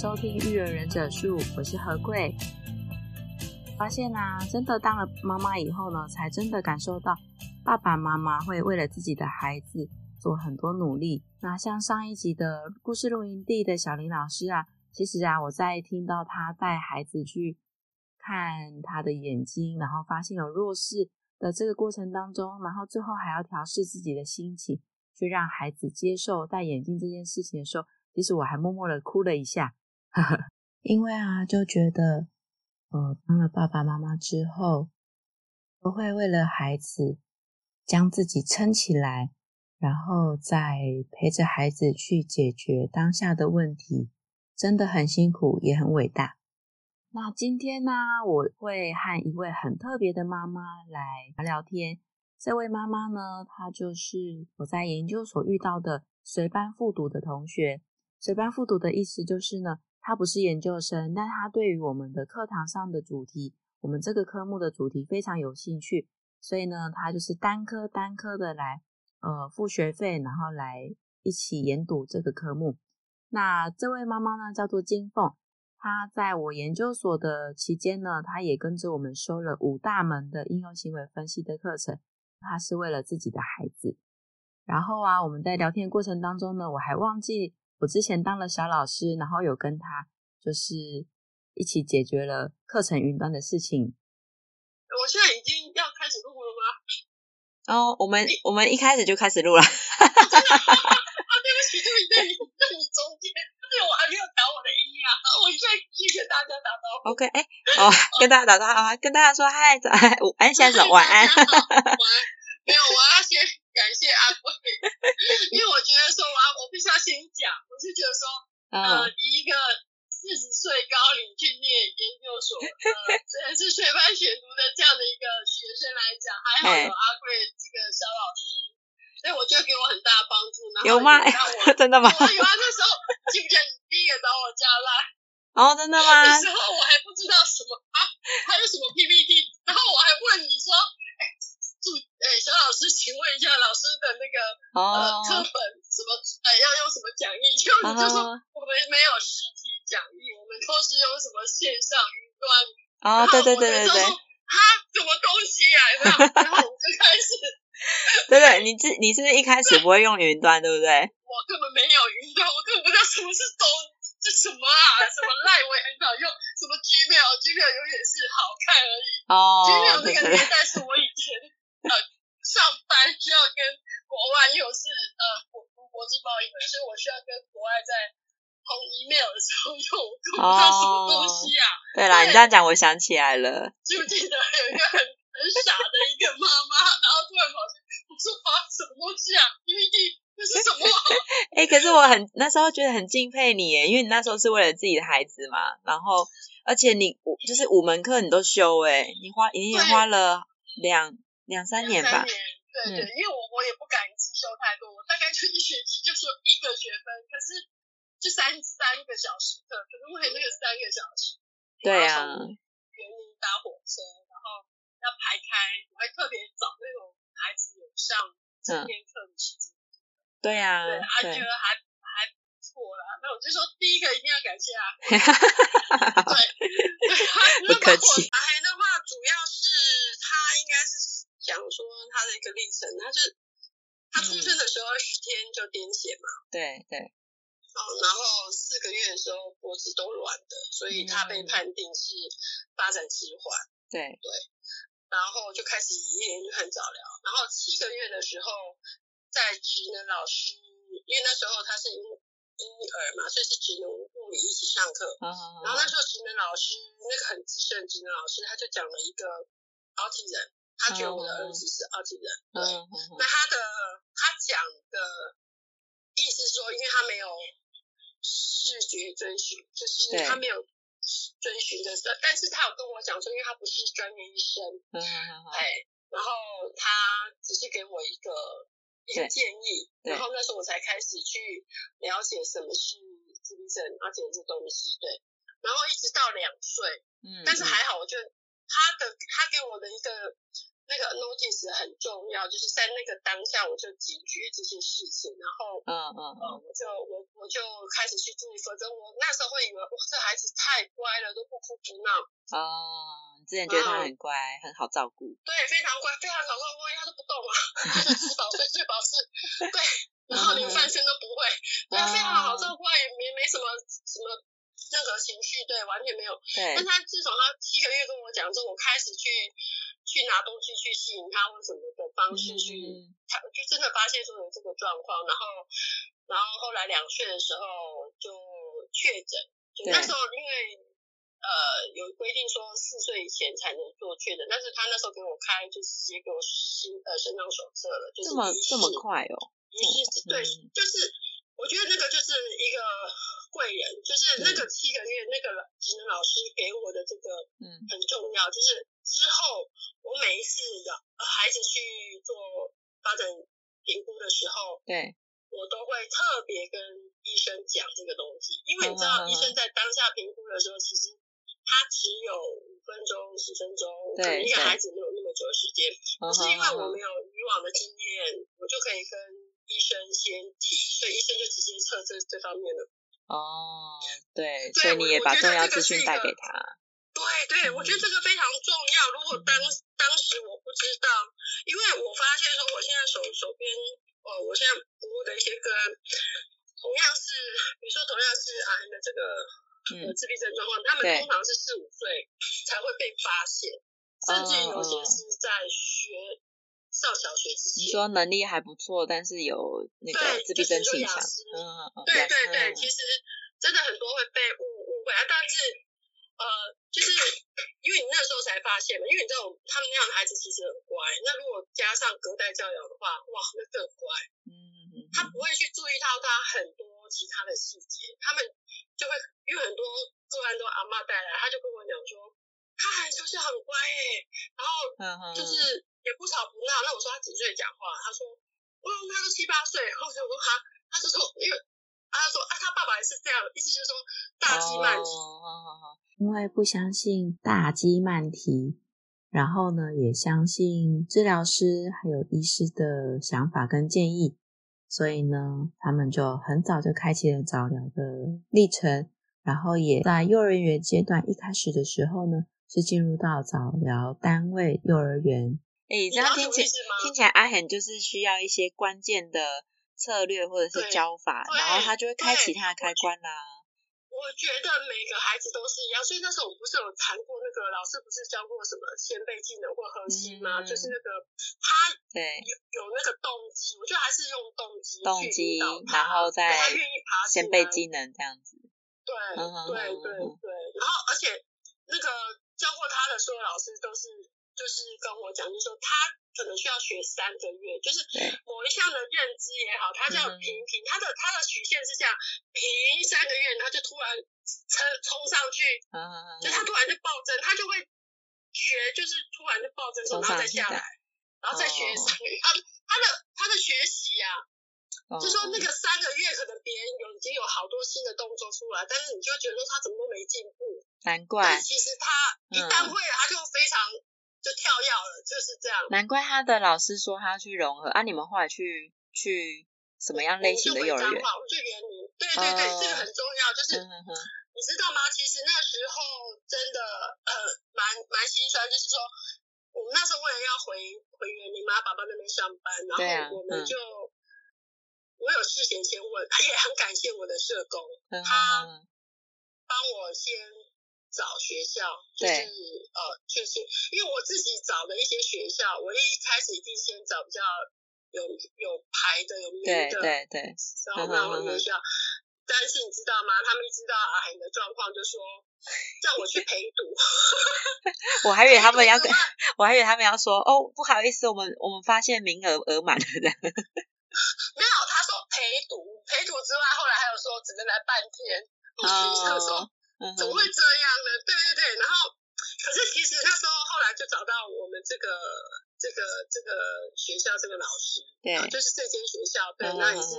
收聽育兒忍者術，我是何貴。發現啊，真的當了媽媽以後呢，才真的感受到爸爸媽媽會為了自己的孩子做很多努力。那像上一集的故事露營地的小林老師啊，其實啊，我在聽到他帶孩子去看他的眼睛，然後發現有弱視的這個過程當中，然後最後還要調試自己的心情，去讓孩子接受戴眼鏡這件事情的時候，其實我還默默的哭了一下。哈哈， 因為啊，就覺得，呃，當了爸爸媽媽之後，都會為了孩子將自己撐起來，然後再陪着孩子去解決當下的問題，真的很辛苦，也很偉大。那今天呢、啊，我會和一位很特別的媽媽來聊聊天。這位媽媽呢，她就是我在研究所遇到的隨班復讀的同學。隨班復讀的意思就是呢。他不是研究生，但他對於我們的課堂上的主題，我們這個科目的主題非常有興趣，所以呢，他就是單科單科的來，呃，付學費，然後來一起研讀這個科目。那這位媽媽呢，叫做金鳳，她在我研究所的期間呢，她也跟着我們修了五大門的應用行為分析的課程，她是為了自己的孩子。然後啊，我們在聊天過程當中呢，我還忘記。我之前當了小老師，然後有跟他就是一起解決了課程雲端的事情。我現在已經要開始錄了嗎？哦，我們、欸、我們一開始就開始錄了。哈哈哈哈啊，對不起，就在你，在你中間，這個我還沒有搞我的音啊，我現在繼續跟大家打招呼。OK，哎，哦跟大家打招呼，跟大家說嗨，早，午安先生，晚安。晚安，沒有，我、啊、要先。感謝阿貴，因為我覺得說，我必須要先講，我就覺得說，呃，以一個四十歲高齡去念研究所，雖然是隨班選讀的這樣的一個學生來講，還好有阿貴這個小老師，所以嘿我覺得給我很大的幫助然後你看我有嗎？ 真的嗎？有啊，那時候記不記得你第一個找我加啦。哦，真的嗎？那時候我還不知道什麼啊，還有什麼 PPT，然後我還問你說。住誒，小老師，請問一下老師的那個呃課本什麼呃要用什麼講義？就就說我們沒有實體講義，我們都是用什麼線上雲端？啊，對對對對對。哈，什麼東西啊？然後我們就開始。對對，你自你是不是一開始不會用雲端，對不對？我根本沒有雲端，我根本不知道什麼是東，這什麼啊？什麼賴我也很少用，什麼 Gmail，Gmail 永遠是好看而已。哦。Gmail 那個年代是我以前。呃，上班需要跟國外，又是呃國國際貿易，所以我需要跟國外在通 email 的時候用，啊什麼東西啊。Oh, 對啦，對你這樣講，我想起來了，記不記得有一個很很傻的一個媽媽，然後突然跑去，我說發、啊、什麼東西啊？PPT 那是什麼？哎、欸，可是我很那時候覺得很敬佩你，哎，因為你那時候是為了自己的孩子嘛，然後而且你就是五門課你都修，哎，你花你也花了兩。兩三年吧，對對，對嗯、因為我我也不敢一次修太多，我大概就一學期就說一個學分，可是就三三個小時課，可是我還那個三個小時，對呀、啊，園林搭火車，然後要排開，我還特別找那種孩子有上今天課的時間、嗯。對呀、啊，對，還、啊、對覺得還還不錯啦，那我就說第一個一定要感謝啊，對。對如果哈哈，我來的話主要是他應該是。講說他的一個歷程，他是他出生的時候二、嗯、十天就癲癇嘛，對對，對哦，然後四個月的時候脖子都軟的，所以他被判定是發展遲緩，對對，然後就開始一年就很早療。然後七個月的時候在職能老師，因為那時候他是嬰兒嘛，所以是職能物理一起上課，哦、然後那時候職能老師、哦、那個很資深的職能老師他就講了一個奧地人。他覺得我的兒子是二級人，oh、對。Oh、那他的他講的意思是說，因為他沒有視覺遵循，就是他沒有遵循的，對但是他有跟我講說，因為他不是專業醫生，嗯、oh、然後他只是給我一個對一個建議，對然後那時候我才開始去了解什麼是自閉症，了解這東西，對。然後一直到兩歲，嗯，但是還好，我覺得他的他給我的一個。那個 notice 很重要，就是在那個當下我就解決這些事情，然後，嗯嗯嗯，嗯嗯我就我我就開始去注意說，這我那時候會以為，哇，這孩子太乖了，都不哭不鬧。哦、嗯，之前覺得他很乖，嗯、很好照顧。對，非常乖，非常好照顧，因為他都不動了、啊，他就吃飽睡，睡飽吃，對，然後連翻身都不會，嗯、對，非常好照顧，也沒沒什麼什麼。任何情緒，對完全沒有，對。但他自從他七個月跟我講之後，我開始去去拿東西去吸引他，或什麼的方式去，他、嗯嗯、就真的發現說有這個狀況，然後然後後來兩歲的時候就確診，就那時候因為對呃有規定說四歲以前才能做確診，但是他那時候給我開就直接給我新呃身障手冊了，就是、是這麼這麼快哦，這麼快，對，嗯、就是我覺得那個就是一個。貴人就是那個七個月、嗯、那個老職能老師給我的這個，嗯，很重要。嗯、就是之後我每一次的孩子去做發展評估的時候，對，我都會特別跟醫生講這個東西，因為你知道醫生在當下評估的時候，其實他只有五分鐘十分鐘，對，可能一個孩子沒有那麼久的時間。對是因為我沒有以往的經驗，嗯、我就可以跟醫生先提，所以醫生就直接測這這方面的。哦，oh, 對，對，所以你也把重要資訊帶給他。對對，嗯、我覺得這個非常重要。如果當當時我不知道，因為我發現說我現在手手邊，呃、哦，我現在服務的一些個案，同樣是，比如說同樣是阿安的、啊、這個，嗯，自閉症狀況，他們通常是四五歲才會被發現，嗯、甚至有些是在學。上小學之前，你說能力還不錯，但是有那個自閉症傾向，對對對，嗯、其實真的很多會被誤誤會啊，但是呃，就是 因為你那時候才發現嘛，因為你知道他們那樣的孩子其實很乖，那如果加上隔代教養的話，哇，會更乖，嗯嗯他不會去注意到他很多其他的細節，他們就會因為很多個案都阿嬤帶來，他就跟我講說,說，他、哎、其、就是很乖哎、欸，然後就是。嗯也不吵不鬧，那我說他幾歲講話？他說，哇、哦，他都七八歲。然後我說他、啊，他就說，因為、啊、他說啊，他爸爸也是這樣，意思就是說大雞慢提大雞慢啼。Oh, oh, oh, oh. 因為不相信大雞慢啼，然後呢，也相信治療師還有醫師的想法跟建議，所以呢，他們就很早就開啟了早療的歷程，然後也在幼兒園階段一開始的時候呢，是進入到早療單位幼兒園。哎，這樣、欸、聽起來聽起來阿恆就是需要一些關鍵的策略或者是教法，然後他就會開啟他的開關啦、啊。我覺得每個孩子都是一樣，所以那時候我不是有談過那個老師不是教過什麼先備技能或核心嗎？嗯、就是那個他有對有那個動機，我覺得還是用動機動機，然後再他願意爬先備技能這樣子。對，嗯哼嗯哼，對對對，然後而且那個教過他的所有老師都是。就是跟我講，就說他可能需要學三個月，就是某一項的認知也好，他叫平平，嗯、他的他的曲線是這樣平三個月，他就突然衝衝上去，嗯、就他突然就暴增，他就會學，就是突然就暴增，然後然後再下來，然後再學三個月、哦。他的他的學習呀、啊，哦、就說那個三個月可能別人有已經有好多新的動作出來，但是你就覺得說他怎麼都沒進步，難怪。但其實他、嗯、一旦會、啊、他就非常。就跳掉了，就是這樣。難怪他的老師說他要去融合啊！你們後來去去什麼樣類型的幼兒園？對，對對對，哦、這個很重要。就是，嗯、哼哼你知道嗎？其實那時候真的呃蠻蠻，蠻心酸，就是說我們那時候為了要回回園林嘛，爸爸那邊上班，然後我們就、嗯、我有事先先問，也很感謝我的社工，嗯、哼哼他幫我先。找學校就是對呃確實，就是，因為我自己找的一些學校，我一開始一定先找比較有有牌的，有名的，對對對，對對然後那了學校，嗯嗯嗯嗯，但是你知道嗎？他們一知道阿海的狀況，就說叫我去陪讀。 我還以為他們要跟， 我還以為他們要說哦，不好意思，我們我們發現名額額滿了的。 沒有，他說陪讀，陪讀之外，後來還有說只能來半天，不須得說。哦怎麼會這樣呢？對對對，然後，可是其實那時候後來就找到我們這個。這個這個學校這個老師對、啊，就是這間學校對，嗯、那也是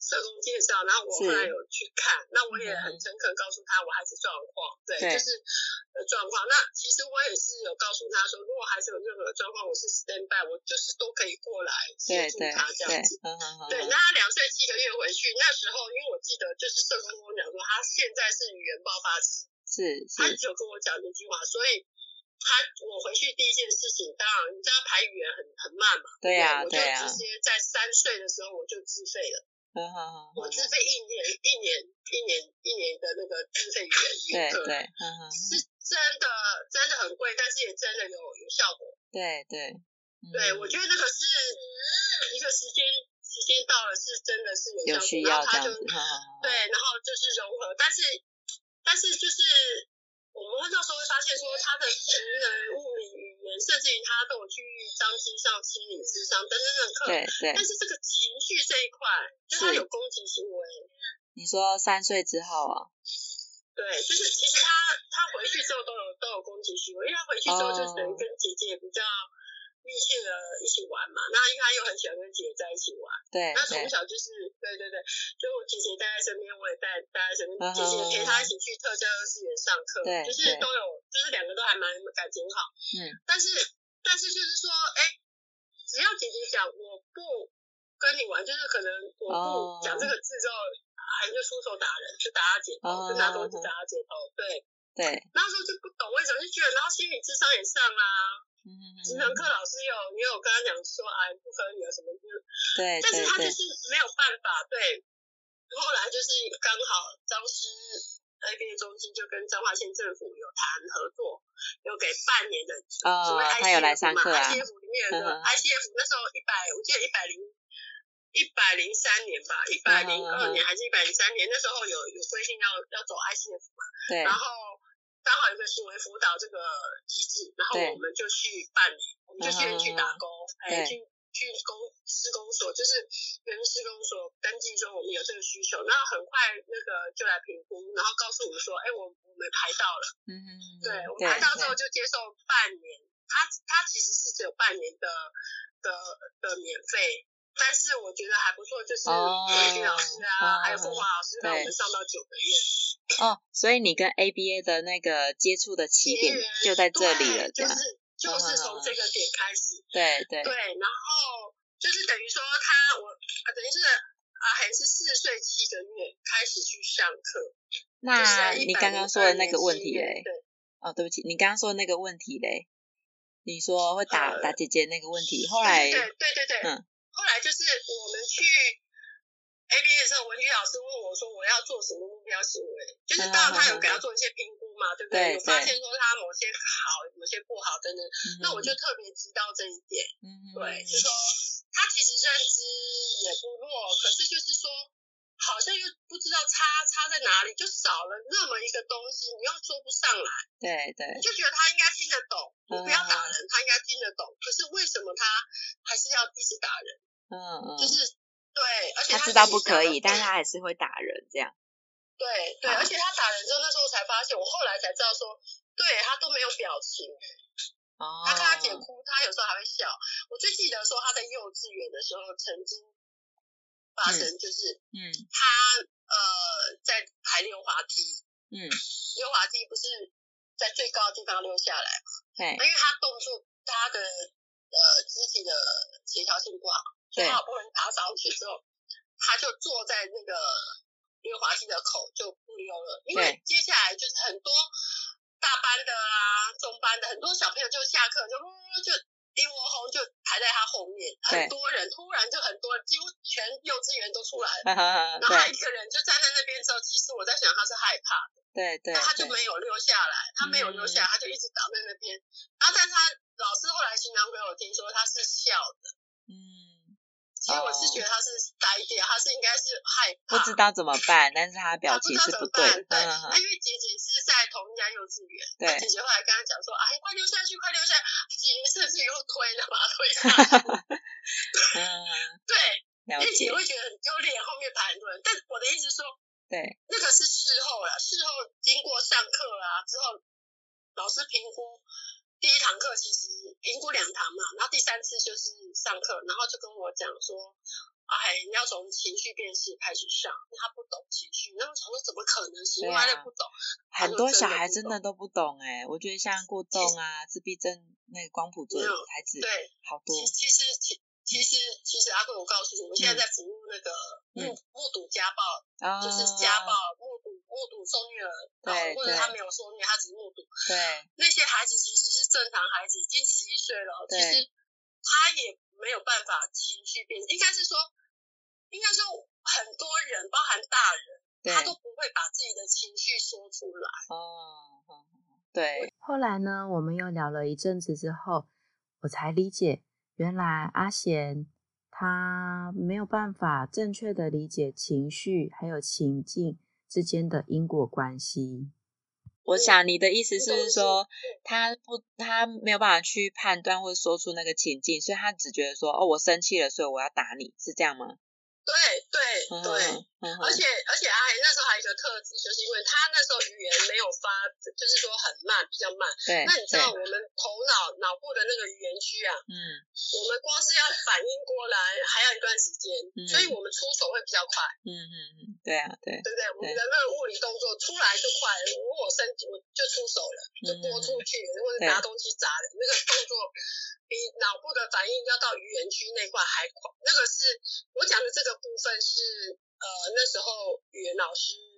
社工介紹，是然後我後來有去看，嗯、那我也很誠懇告訴他我孩子狀況，對，對就是狀況。那其實我也是有告訴他說，如果孩子有任何狀況，我是 standby，我就是都可以過來協助他對這樣子。對對對，對。那他兩歲七個月回去那時候，因為我記得就是社工跟我講說，他現在是語言爆發期，是，他有跟我講一句話，所以。他，我回去第一件事情，當然你知道排語言很很慢嘛，對呀、啊，對啊、我就直接在三歲的時候我就自費了，啊、我自費一年一年一年一年的那個自費語言對對，對是真的真的很貴，但是也真的有有效果，對對，對，對、嗯、我覺得那個是一個時間時間到了是真的是有效果，有需要這樣子，然後他就，好好對，然後就是融合，但是但是就是。我們到時候會發現說他的情人物理語言，甚至於他都有去張力上，上、心理智商等等等等，對，但是這個情緒這一塊，是，就是他有攻擊行為。你說三歲之後啊？對，就是其實他他回去之後都有都有攻擊行為，因為他回去之後就等於跟姐姐也比較。密切的一起玩嘛，然後因為他又很喜歡跟姐姐在一起玩，對，他從小就是，對對對，就我姐姐待在身邊，我也待待在身邊，姐姐陪他一起去特教幼稚園上課，對，就是都有，就是兩個都還蠻感情好，嗯，但是但是就是說，哎，只要姐姐講我不跟你玩，就是可能我不講這個字之後，啊，還就出手打人，就打他姐頭，拿東西打他姐頭，對，對，那時候就不懂為什麼，就覺得然後心理智商也上啦。嗯，職能課老師有，你有跟他講說，哎，不可以啊什麼的。對。對，但是他就是沒有辦法，對。後來就是剛好彰師 A B A 中心就跟彰化縣政府有談合作，有給半年的，是 I C F 嘛、啊、？I C F 裡面的 I C F 那時候一百，我記得一百零一百零三年吧，一百零二年還是一百零三年？呵呵那時候有有規定要要走 I C F 嘛？對。然後。剛好有個行為輔導這個機制，然後我們就去辦理，對我們就先去打工，去去工施工所，就是跟施工所登記說我們有這個需求，然後很快那個就來評估，然後告訴我們說，哎、欸，我我們排到了，嗯哼，對，我們排到之後就接受半年，他他對其實是只有半年的的的免費。但是我覺得還不錯，就是英老師啊，oh, wow, 還有鳳凰老師，讓對我們上到九個月。哦，oh, 所以你跟 A B A 的那個接觸的起點就在這裡了，對吧樣、就是？就是從這個點開始。對、oh, oh, oh. 對。對，對然後就是等於說他，我、啊、等於是啊，還是四歲七個月開始去上課。那你剛剛說的那個問題嘞？對。哦，對不起，你剛剛說的那個問題嘞？你說會打、uh, 打姐姐那個問題，後來對對對對。嗯。後來就是我們去 A B A 的時候，文具老師問我說：“我要做什麼目標行為？”就是到他有給他做一些評估嘛， 對不對？有發現說他某些好、某些不好等等，嗯、哼那我就特別知道這一點。嗯哼，對，就是說他其實認知也不弱，可是就是說。好像又不知道差，差在哪裡，就少了那麼一個東西，你又說不上來。對對。對，就覺得他應該聽得懂，你、嗯、不要打人，他應該聽得懂。可是為什麼他還是要一直打人？嗯嗯。嗯，就是對，而且他，他知道不可以，但是他還是會打人這樣。對、嗯、對，對啊、而且他打人之後，那時候才發現，我後來才知道說，對，他都沒有表情。哦。他看他姐哭，他有時候還會笑。我最記得說他在幼稚園的時候曾經。發生就是，嗯，嗯他呃在排溜滑梯，嗯，溜滑梯不是在最高的地方溜下來嘛？對、嗯。因為他動作他的呃肢體的協調性不好，對。所以好不容易爬上去之後，對他就坐在那個溜滑梯的口就不溜了，對因為接下來就是很多大班的啊、中班的很多小朋友就下課就嗚嗚就。一窩蜂就排在他後面，很多人對突然就很多人，幾乎全幼稚園都出來了。 然後他一個人就站在那邊，之後 對其實我在想他是害怕的， 對，對對。那他就沒有溜下來，他沒有溜下來，嗯、他就一直倒在那邊。然、啊、後，但是他老師後來家長會，我聽說他是笑的，嗯。其實我是覺得他是呆點，他是應該是害怕，不知道怎麼辦，但是他的表情是不對，不知道怎麼辦，對，他、嗯、因為姐姐是在同一家幼稚園，對，啊、姐姐後來跟他講說，哎、啊，快溜下去，快溜下去，姐姐是不是又推了嘛，把他推， 嗯，對，解因為姐會覺得很丟臉，後面排很多人，但我的意思說，對，那個是事後了，事後經過上課啊之後，老師評估。第一堂課其實評估兩堂嘛，然後第三次就是上課，然後就跟我講說，哎、啊欸，你要從情緒辨識開始上，他不懂情緒，然後想說怎麼可能，小孩子不懂，啊、不懂很多小孩真的都不懂哎，我覺得像過動啊、實自閉症、那個光譜症的孩子，對，好多。其實其其實其實阿貴，啊、我告訴你，我現在在服務那個、嗯嗯、目目睹家暴，嗯、就是家暴、哦、目睹。目睹受虐兒，對，或者他沒有受虐，對他只是目睹。對，那些孩子其實是正常孩子，已經十一歲了。對其實他也沒有辦法情緒變，應該是說，應該是說很多人，包含大人，對他都不會把自己的情緒說出來。哦，對。後來呢，我們又聊了一陣子之後，我才理解，原來阿賢他沒有辦法正確的理解情緒，還有情境。之間的因果關係，我想你的意思是，是說，他不，他沒有辦法去判斷或說出那個情境，所以他只覺得說，哦，我生氣了，所以我要打你，是這樣嗎？對對對，呵呵呵呵，而，而且而且還那。特質就是因為他那時候語言沒有發，就是，就是說很慢，比較慢。對。那你知道我們頭腦腦對部的那個語言區啊，嗯，我們光是要反應過來，還要一段時間。嗯。所以我們出手會比較快。嗯嗯嗯，對啊對。對不對，對？我們的那個物理動作出來就快，如果我我伸我就出手了，就撥出去或者拿東西砸的，對那個動作比腦部的反應要到語言區那塊還快。那個是我講的這個部分是呃那時候語言老師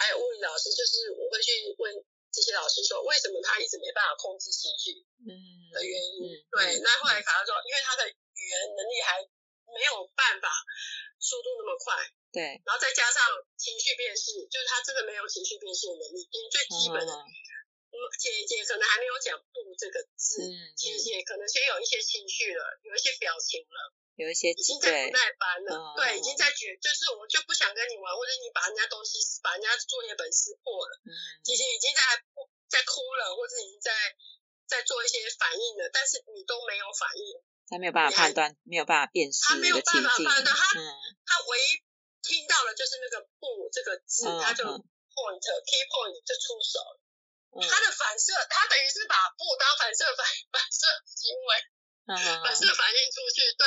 還有物理老師，就是我會去問這些老師說，為什麼他一直沒辦法控制情緒，嗯，的原因。嗯嗯嗯、對，嗯嗯、那後來他說，因為他的語言能力還沒有辦法速度那麼快，嗯、對。然後再加上情緒辨識，就是他真的沒有情緒辨識的能力，因為最基本的，嗯，姐姐可能還沒有講“不”這個字，嗯嗯、姐姐可能先有一些情緒了，有一些表情了。有一些已經在不耐煩了，對，已經在覺，就是我就不想跟你玩，或者你把人家東西把人家作業本撕破了，其實已經在在哭了，或者已經在在做一些反應了，但是你都沒有反應，他沒有辦法判斷，沒有辦法辨識一個情境，他沒有辦法判斷，他他唯一聽到的就是那個不這個字，他就 point key point 就出手，他的反射，他等於是把不當反射反反射行為，反射反應出去，對。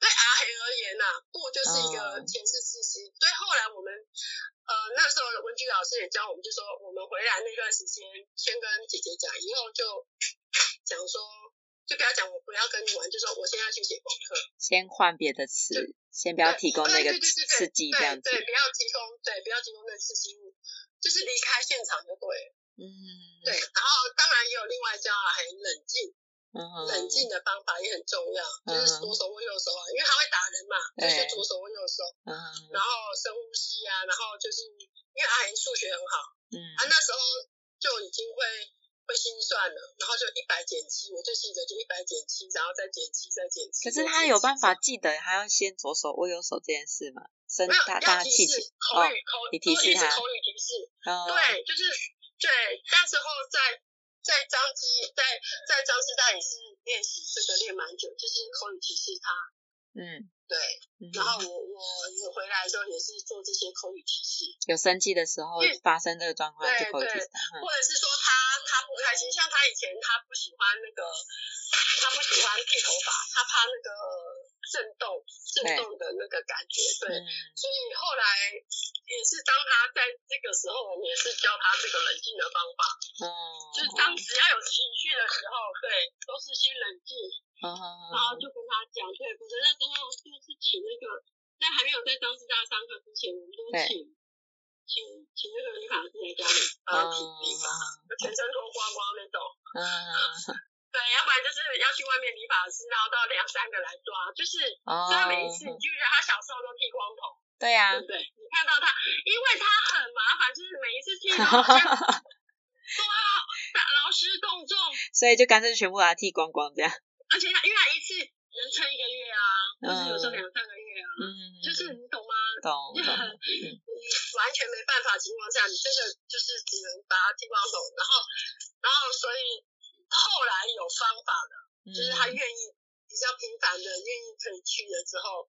對阿黑而言吶、啊，不就是一個前事刺激，所以、哦、後來我們，呃，那時候文菊老師也教我們，就說我們回來那段時間，先跟姐姐講，以後就講說，就不要講「我不要跟你玩」，就說我現在去寫功課，先換別的詞，就先不要提供那個刺激，這樣子，不要提供，對，不要提供那個刺激物，就是離開現場就對，嗯，對，然後當然也有另外教阿黑冷靜。Uh huh. 冷靜的方法也很重要，就是左手握右手啊，uh huh. 因為他會打人嘛，對就是左手握右手，uh huh. 然後深呼吸啊，然後就是，因為阿賢數學很好，嗯，他、啊、那時候就已經會會心算了，然後就一百減七，我最記得就一百減七，然後再減七再減七。減七可是他有辦法記得，他要先左手握右手這件事嘛，深大大氣氣，口口語提示，不理，不、哦、是，是口語提示，哦、對，就是對，那時候在。在張基，在在張基大也是練習這個練蠻久，就是口語提示他。嗯，對，嗯、哼然後我我回來的時候也是做這些口語提示，有生氣的時候發生這個狀況為，對對，嗯、或者是說他他不開心，像他以前他不喜歡那個，他不喜歡剃頭髮，他怕那個震動震動的那個感覺，對，對嗯、所以後來也是當他在這個時候，我們也是教他這個冷靜的方法，哦、嗯，就是當只要有情緒的時候，對，都是先冷靜。Uh, 然後就跟他講，對，不是那時候就是請那個，在還沒有在當時大上課之前，我們都請請請那個理髮師來，啊、uh,，全身脫光光那種，啊，uh, 對，要不然就是要去外面理髮師，然後到兩三個來抓，就是所以、uh, 每一次，你記不記得，他小時候都剃光頭，對呀、啊，對不對？你看到他，因為他很麻煩，就是每一次剃都講，哇， 勞師動眾，所以就乾脆全部把他剃光光這樣。而且他，因為他一次能撐一個月啊，就、嗯、是有時候兩三個月啊，嗯、就是你懂嗎？懂。就懂你完全沒辦法情況下，嗯、你真的就是只能把它剃光頭，然後，然後所以後來有方法的，就是他願意比較頻繁的願意可以去了之後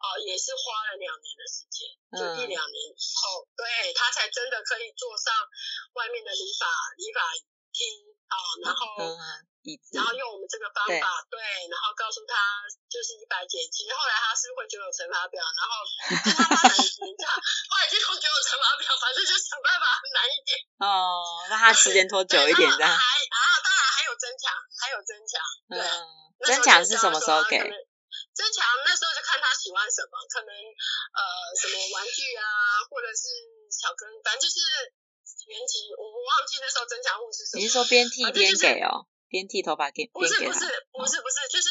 啊、呃、也是花了兩年的時間，就一兩年以後，嗯、對他才真的可以坐上外面的理髮理髮廳啊，然後。嗯然後用我們這個方法，對，對，然後告訴他就是一百減七，後來他是會九九乘法表，然後 他發展成這樣，他已經會九九乘法表，反正就想辦法難一點。哦，那他時間拖久一點這對、啊、還啊，當然還有增強，還有增強。嗯、對，增強,增強是什麼時候給？增強那時候就看他喜歡什麼，可能呃什麼玩具啊，或者是巧克力，反正就是原級我我忘記那時候增強物是什麼。你是說邊踢邊給哦？啊就就是哦邊剃頭髮邊給他。不是不是不是、哦、不是，就是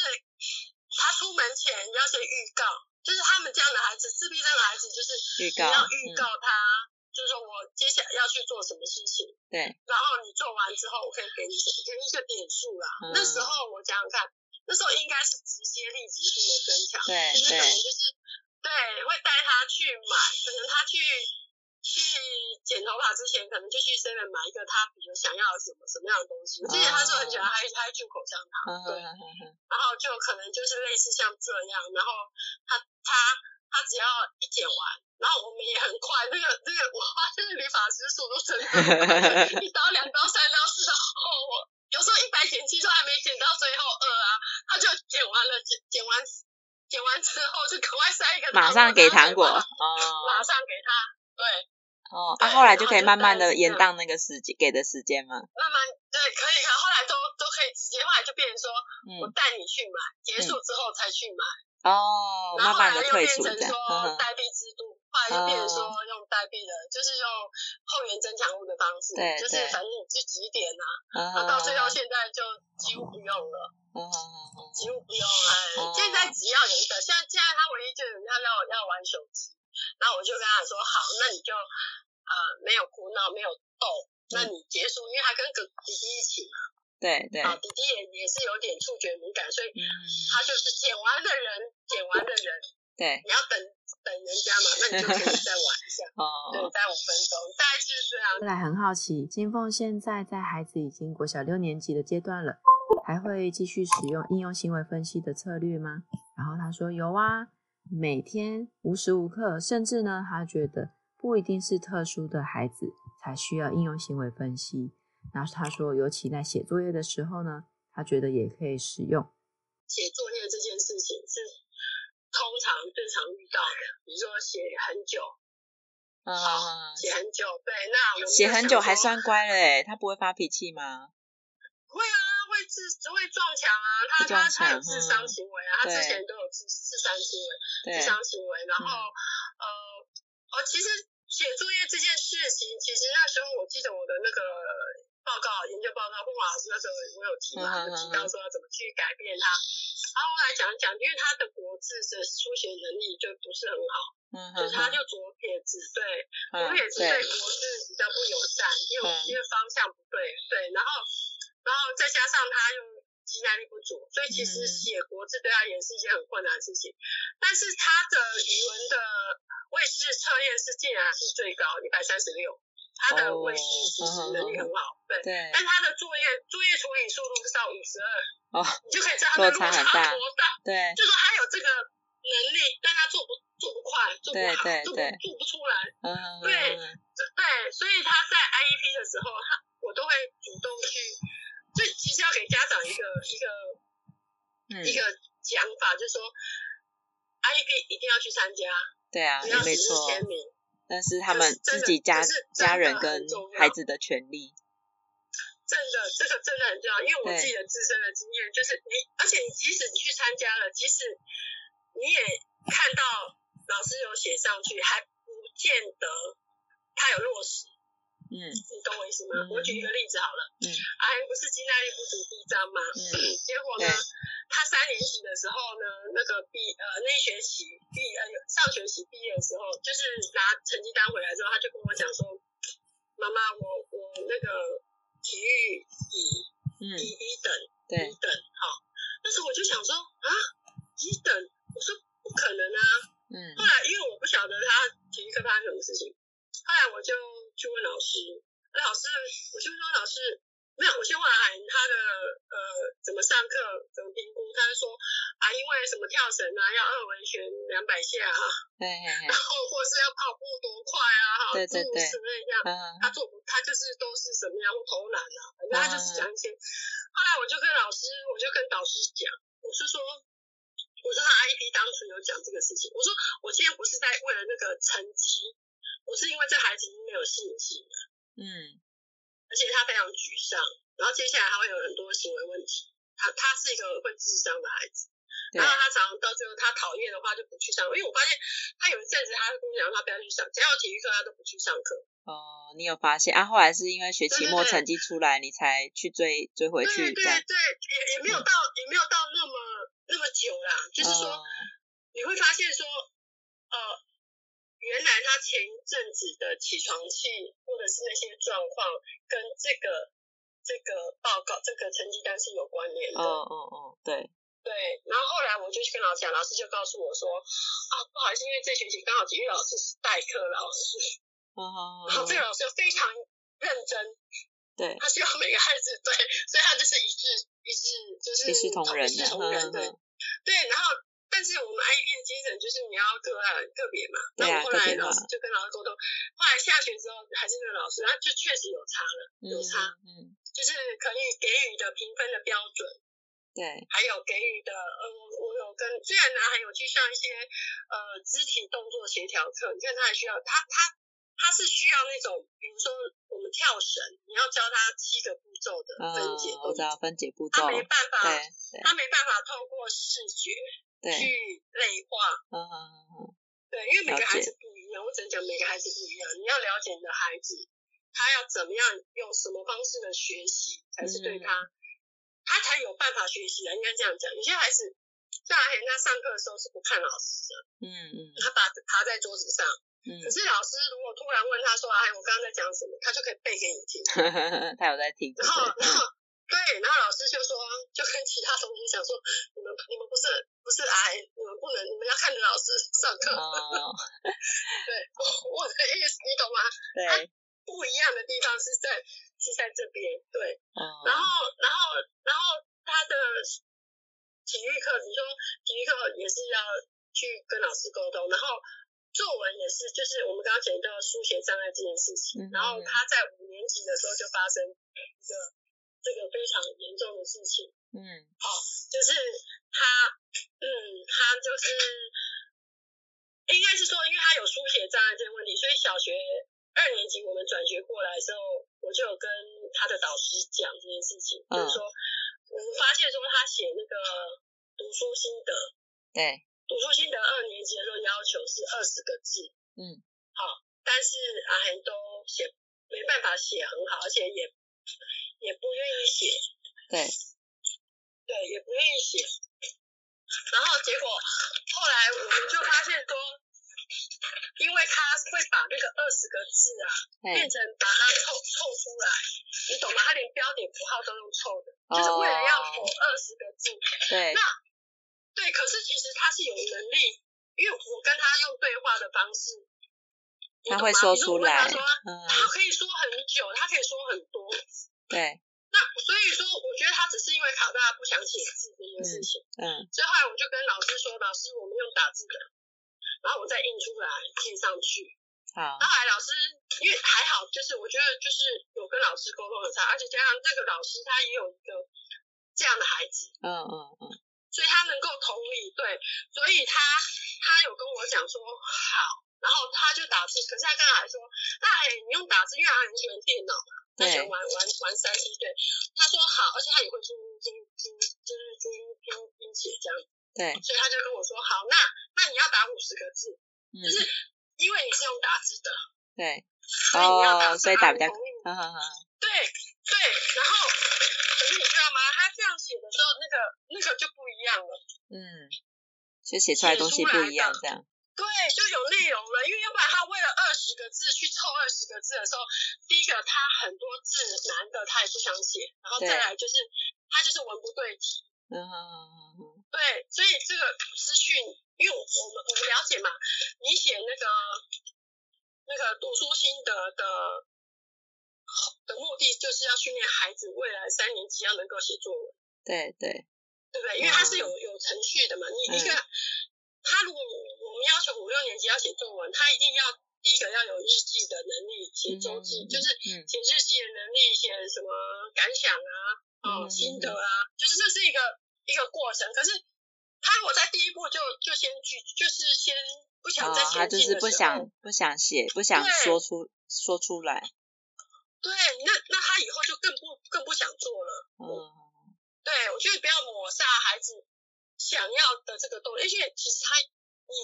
他出門前要先預告，就是他們這樣的孩子，自閉症的孩子，就是你要預告他，預告嗯、就是說我接下來要去做什麼事情。對。然後你做完之後，我可以給你什麼，給你一個點數啦。嗯、那時候我想想看，那時候應該是直接立即性的增強，就是對，可能就是對，對，會帶他去買，可能他去。去剪頭髮之前，可能就去 Seven 買一個他比較想要的什麼什麼樣的東西，我記得他說很喜歡他，還還住口香糖，對。 然後就可能就是類似像這樣，然後他他他只要一剪完，然後我們也很快。那個這、那個，哇，這個理髮師速度真的。 一刀兩刀三刀四刀後，哦，有時候一百剪，七，都還沒剪到最後二啊，他就剪完了，剪剪完剪完之後就趕快塞一個馬上給糖果，馬上給他。哦 對，哦，啊，後來就可以慢慢的延宕，那個時間給的時間嗎？慢慢，對，可以，可後來都都可以直接，後來就變成說，嗯，我帶你去買，結束之後才去買。哦，然後後來又變成說代幣制度，後來就變成說用代幣的，就是用後援增強物的方式，對，就是反正就幾點吶，啊，到最後現在就幾乎不用了，嗯，幾乎不用了，現在只要有一個，現在現在他唯一就是他要要玩手機。那我就跟他說：“好，那你就呃沒有哭鬧，沒有逗，那你結束，因為他跟哥哥弟弟一起嘛。對對。然、啊、弟弟也也是有點觸覺敏感，所以他就是剪完的人，剪完的人。對。你要等等人家嘛，那你就可以再玩一下。哦。 對，再五分鐘。再次，雖然。來，很好奇，金鳳現在在孩子已經國小六年級的階段了，還會繼續使用應用行為分析的策略嗎？然後他說：“有啊。”每天無時無刻，甚至呢，他覺得不一定是特殊的孩子才需要應用行為分析。然後他說，尤其在寫作業的時候呢，他覺得也可以使用。寫作業這件事情是通常正常遇到的，比如說寫很久，啊、嗯，寫很久，對，那寫很久還算乖了，他不會發脾氣嗎？會啊。會只會撞牆啊，他他他有自傷行為啊，他之前都有自自傷行為，自傷行為，然後呃，哦，其實寫作業這件事情，其實那時候我記得我的那個報告研究報告，布華老師那時候我有提嘛，就提到說要怎麼去改變他，然後後來講一講，因為他的國字的書寫能力就不是很好，嗯，就是他就左撇子，對，左撇子對國字比較不友善，因為因為方向不對，對，然後。然後再加上他又記憶力不足，所以其實寫國字對他也是一件很困難的事情。嗯、但是他的語文的魏氏測驗是竟然是最高一百三十六，1, 36, 他的魏氏實施能力很好，哦嗯嗯嗯、對。但他的作業作業處理速度是到五十二，你就可以知道他的落差多大,大，對。就說他有這個能力，但他做不做不快，做不好，做做不出來，對對,、嗯嗯、對,對。所以他在 IEP 的時候，他我都會主動去。所以其實要給家長一個一個、嗯、一個講法，就是說 IEP 一定要去參加，對啊，每次簽名，但是他們就是真的自己家就是真的家人跟孩子的權利，真的這個真的很重要，因為我自己的自身的經驗對就是你，而且你即使你去參加了，即使你也看到老師有寫上去，還不見得他有落實。嗯，你懂我意思嗎？我舉一個例子好了。嗯。阿英、啊、不是金耐力不足第一章嗎？嗯。結果呢，對他三年級的時候呢，那個畢呃那學期畢呃上學期畢業的時候，就是拿成績單回來之後，他就跟我講說：“媽媽對，我我那個體育一嗯一一等一對等哈。好”那時候我就想說啊，一等，我說不可能啊。嗯。後來因為我不曉得他體育課發生什麼事情。後來我就去問老師，那老師我就說老師沒有，那我先問他,他的呃怎麼上課，怎麼評估。他就說啊因為什麼跳繩啊要二維拳兩百下，哈對然後或是要跑步多快啊，哈，做什麼樣，他做他就是都是怎麼樣投籃啊，反正、嗯、他就是講一些。後來我就跟老師，我就跟導師講，我是說我說他 I P 當初有講這個事情，我說我今天不是在為了那個成績。我是因為這孩子已經沒有信心，嗯，而且他非常沮喪，然後接下來他會有很多行為問題。他他是一個會自傷的孩子，對然後他常常到最後他討厭的話就不去上，因為我發現他有一陣子他姑娘他不要去上，只要有體育課他都不去上課。哦、呃，你有發現啊？後來是因為學期末成績出來，對對對，你才去追追回去對對對，也也沒有到也沒有到那麼那麼久啦。嗯、就是說、呃、你會發現說，呃。原來他前一陣子的起床氣或者是那些狀況，跟這個這個報告、這個成績單是有關聯的。哦哦哦，對。對，然後後來我就去跟老師講，老師就告訴我說，啊，不好意思，因為這學期剛好體育老師是代課老師。哦。Oh, oh, oh, oh. 然後這個老師非常認真。對。他希望每個孩子對，所以他就是一致一致就是一視同仁、啊。對。嗯嗯、對，然後。但是我們 I E P 的精神就是你要特個別嘛，那我後來老師就跟老師溝通，後來下學之後還是那個老師，他就確實有差了，嗯、有差，嗯，就是可以給予的評分的標準，對，還有給予的，嗯、呃，我有跟，雖然男孩有去上一些，呃，肢體動作協調課，你看他還需要，他他他是需要那種，比如說我們跳繩，你要教他七個步驟的分解，嗯、我知道分解步驟，他沒辦法，他沒辦法透過視覺。去對類化，oh, oh, oh, 對，因為每個孩子不一樣，解我只能講，每個孩子不一樣，你要了解你的孩子，他要怎麼樣，用什麼方式的學習才是對他，嗯、他才有辦法學習啊，應該這樣講。有些孩子，哎，他上課的時候是不看老師的，嗯嗯，嗯他把趴在桌子上，嗯、可是老師如果突然問他說，哎，我剛剛在講什麼，他就可以背給你聽， 他有在聽。對，然後老師就說，就跟其他同學講說，你們你們不是不是矮，你們不能你們要看着老師上課，oh. 對，我的意思你懂嗎？對，不一樣的地方是在是在這邊，對，oh. 然後然後然後他的體育課，你說體育課也是要去跟老師溝通，然後作文也是，就是我們剛剛講到書寫障礙這件事情，mm hmm. 然後他在五年級的時候就發生一個。這個非常嚴重的事情，嗯，好、哦，就是他，嗯，他就是應該是說，因為他有書寫障礙這個問題，所以小學二年級我們轉學過來的時候，我就有跟他的導師講這件事情，就是、嗯、說我們發現說他寫那個讀書心得，對，讀書心得二年級的時候要求是二十個字，嗯，好、哦，但是阿恆都寫沒辦法寫很好，而且也。也不願意寫，對，對，也不願意寫。然後結果後來我們就發現說，因為他會把那個二十個字啊，對變成把它湊湊出來，你懂嗎？他連標點符號都用湊的，oh、就是為了要湊二十個字。對，那對，可是其實他是有能力，因為我跟他用對話的方式。他，媽媽他會說出來，他他說，嗯、他可以說很久，他可以說很多，對。那所以說，我覺得他只是因為考慮到他不想寫字這件事情，嗯，嗯所以後來我就跟老師說，老師，我們用打字的，然後我再印出來印上去。好。然後來老師，因為還好，就是我覺得就是有跟老師溝通的差，而且加上這個老師他也有一個這樣的孩子，嗯嗯嗯，所以他能夠同理，對，所以他他有跟我講說，好。然後他就打字，可是他剛才還說，那還你用打字，因為他很喜歡電腦，對他喜歡玩玩玩三星對。他說好，而且他也會拼音拼，就是拼音拼寫這樣。對。所以他就跟我說，好，那那你要打五十個字，嗯、就是因為你是用打字的。對。你要打哦，所以打比較快。哈對、哦哦哦、對，對，然後，可是你知道嗎？他這樣寫的時候，那個那個就不一樣了。嗯。所以寫出來東西不一樣這樣。對，就有內容了，因為要不然他為了二十個字去湊二十個字的時候，第一個他很多字難的他也不想寫，然後再來就是對他就是文不對題。嗯、uh huh. 對，所以這個資訊，因為我們我們,我們了解嘛，你寫那個那個讀書心得的的目的，就是要訓練孩子未來三年級要能夠寫作文。對對。對不對？因為它是有、uh huh. 有程序的嘛，你一個。Uh huh. 他，如果我們要求五六年級要寫作文，他一定要第一個要有日記的能力，寫周記，嗯、就是寫日記的能力，寫什麼感想啊，啊、嗯哦，心得啊，就是這是一個一個過程。可是他如果在第一步就就先去，就是先不想再寫，哦，他就是不想不想寫，不想說出對說出來。對，那那他以後就更不更不想做了。嗯，對，我覺得不要抹殺孩子想要的這個動力，而且其實他，你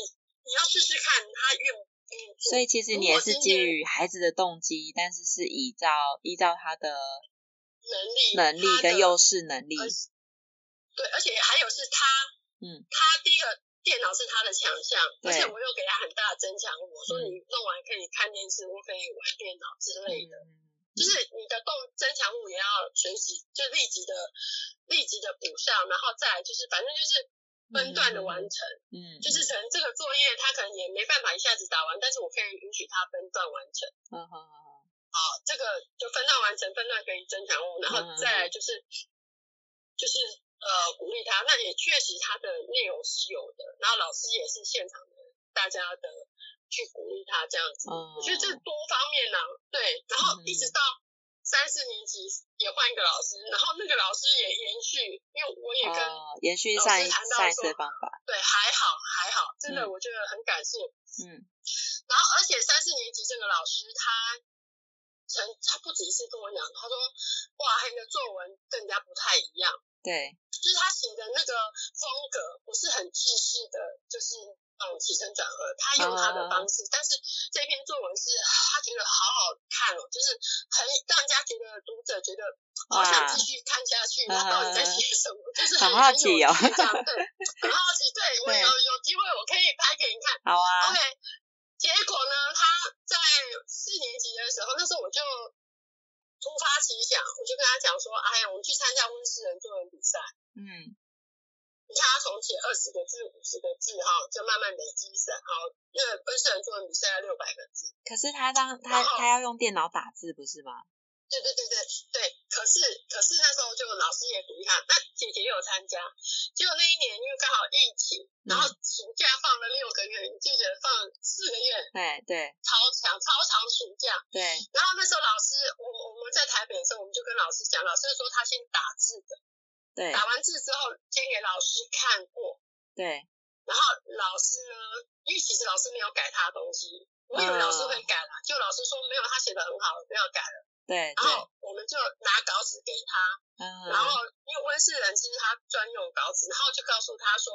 你要試試看他願不願意，所以其實你也是基於孩子的動機，但是是依照依照他的能力能力跟優勢能力。對，而且還有是他，嗯，他第一個電腦是他的強項，對而且我又給他很大的增強，我說你弄完可以看電視，我可以玩電腦之類的。嗯就是你的動增強物也要隨時，就立即的立即的補上，然後再來就是反正就是分段的完成，嗯，嗯，就是可能這個作業他可能也沒辦法一下子打完，但是我可以允許他分段完成，嗯嗯嗯好，這個就分段完成，分段可以增強物，然後再來就是嗯嗯嗯就是呃鼓勵他，那也確實他的內容是有的，然後老師也是現場的大家的。去鼓勵他這樣子，嗯、我覺得這多方面呢、啊，對。然後一直到三四年級也換一個老師，嗯、然後那個老師也延續，因為我也跟延續上一談到說方法，對，還好還好，真的、嗯、我覺得很感謝。嗯，然後而且三四年級這個老師他，曾，他不止一次跟我講，他說哇，那個作文更加不太一樣。對，就是他寫的那個風格，不是很繼續的，就是嗯、哦，起承轉合，他用他的方式。Uh, 但是這篇作文是、啊、他覺得好好看哦，就是很讓人家覺得讀者覺得好想繼續看下去，他、uh, 到底在寫什麼？Uh, 就是很好奇哦。很好奇，對，我有有機會我可以拍給你看。Uh, okay, 好啊。OK，結果呢，他在四年級的時候，那時候我就。突發奇想，我就跟他講說：“哎呀，我們去參加溫世仁作文比賽。”嗯，你看他從寫二十個字、五十個字，哈，就慢慢累積起來，好，因為溫世仁作文比賽要六百個字。可是他當他後他要用電腦打字，不是嗎？對對對對對，對，可是可是那時候就老師也鼓勵他，那姐姐也有參加，結果那一年因為剛好疫情，嗯、然後暑假放了六個月，姐姐放四個月，對對，超強超長暑假。對。對然後那時候老師，我我們在台北的時候，我們就跟老師講，老師說他先打字的，對，打完字之後先給老師看過，對。然後老師呢，因為其實老師沒有改他的東西，我以為老師會改了，呃、就老師說沒有，他寫的很好，不要改了。對，對然後我們就拿稿紙給他，嗯、然後因為溫世仁其實他專用稿紙，然後就告訴他說，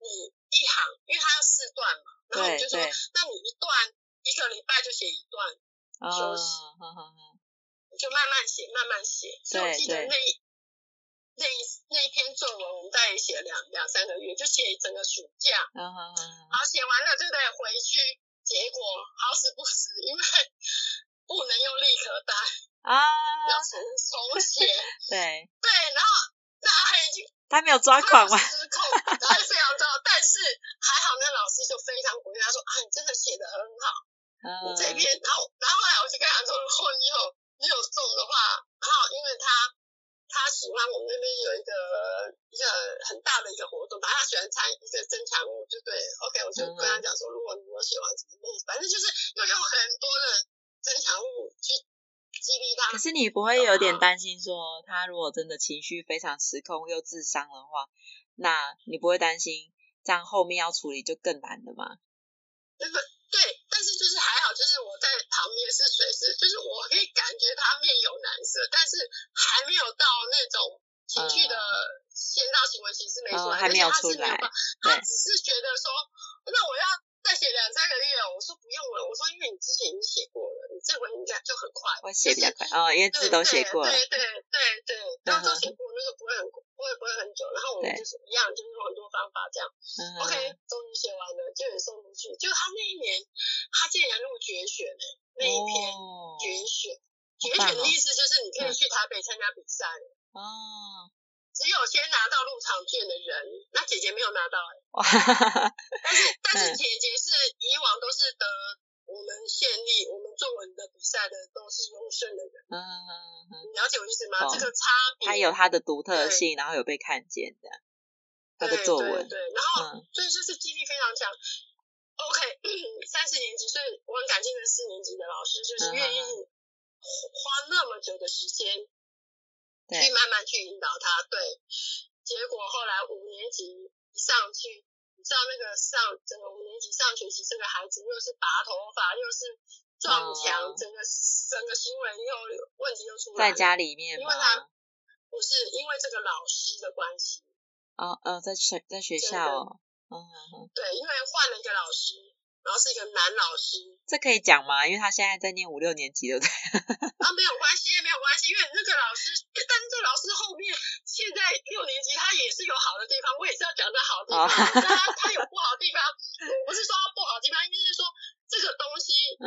你一行，因為他要四段嘛，然後我就說，那你一段，一個禮拜就寫一段，休息、哦，好好好，嗯嗯嗯、就慢慢寫，慢慢寫。對所以我記得那對那一那一篇作文，我們大概寫了兩兩三個月，就寫整個暑假，嗯嗯嗯、然好好寫完了就得回去，結果好死不死，因為。不能用立可帶啊，uh, 要手手寫。對對，然後那他已經他沒有抓狂嘛失控，他非常糟，但是還好那老師就非常鼓勵他說啊，你真的寫得很好，你、uh, 這篇。然後然後後來我就跟他講說，如果你有你有送的話，然後因為他他喜歡我們那邊有一個有一個很大的一個活動，然後他喜歡參與一個增強物，就對，OK，我就跟他講說，uh huh. 如果你有寫完前面，反正就是。是你不會有點擔心說他如果真的情緒非常失控又自傷的話，那你不會擔心這樣後面要處理就更難的嗎？對、嗯、對，但是就是還好，就是我在旁邊是隨時，就是我可以感覺他面有難色，但是還沒有到那種情緒的先兆行為，其實沒說、嗯嗯、還沒有出來。他,對他只是覺得說，那我要。再寫，兩三個月我說不用了，我說因為你之前已經寫過了，你這回應該就很快。我寫比較快對對哦，因為字都寫過了。對對對對，然後都寫過，那、uh huh. 就、就是、不會很不會不會很久。然後我們就是一樣，就是很多方法這樣。Uh huh. OK，終於寫完了，就也送出去。就他那一年，他竟然錄決選了那一篇決選，oh. 決選的意思就是你可以去台北參加比賽。哦、oh.。Oh. 只有先拿到入場券的人，那姐姐沒有拿到哎、欸， 但是但是姐姐是以往都是得我們縣立 我們作文的比賽的都是優勝的人，嗯，嗯嗯你了解我意思嗎？哦、這個差別，他有他的獨特性，對然後有被看見的，他對的作文對，對，然後所以就是記憶力非常強，OK，三四 年級，所以我很感謝那四年級的老師，就是願意花那麼久的時間。對去慢慢去引導他，對。結果後來五年級上去你知道那個上整個五年級上學期，這個孩子又是拔頭髮，又是撞牆，哦、整個整個行為又問題又出來。在家裡面，因為他不是因為這個老師的關係。啊呃、哦哦、在學在學校，哦，對，因為換了一個老師。然後是一個男老師，這可以講嗎？因為他現在在念五六年級對了，對不對？啊，沒有關係，沒有關係，因為那個老師，但是這個老師後面現在六年級，他也是有好的地方，我也是要講他好地方。啊、Oh. 他，他有不好的地方， 我不是說他不好的地方，因為是說這個東西，嗯，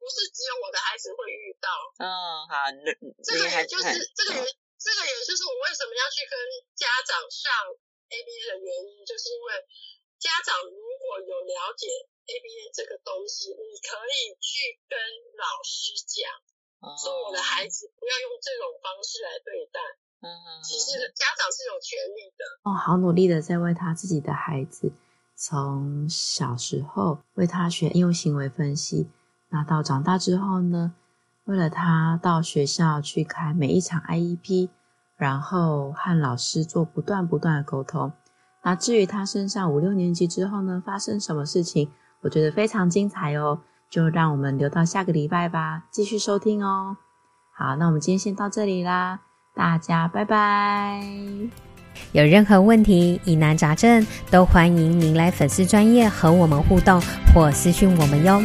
不是只有我的孩子會遇到。嗯，好、嗯，那、嗯、這個也就是這個也這個也就是我為什麼要去跟家長上 ABA 的原因，就是因為。家長如果有了解 ABA 這個東西，你可以去跟老師講，oh. 說我的孩子不要用這種方式來對待。嗯，oh. 其實家長是有權利的。哦，oh, 好努力的在為他自己的孩子，從小時候為他學應用行為分析，那到長大之後呢，為了他到學校去開每一場 IEP，然後和老師做不斷不斷的溝通。那至於他升上五六年級之後呢，發生什麼事情，我覺得非常精彩哦，就讓我們留到下個禮拜吧，繼續收聽哦。好，那我們今天先到這裡啦，大家拜拜。有任何問題、疑難雜症，都歡迎您來粉絲專業和我們互動或私訊我們喲。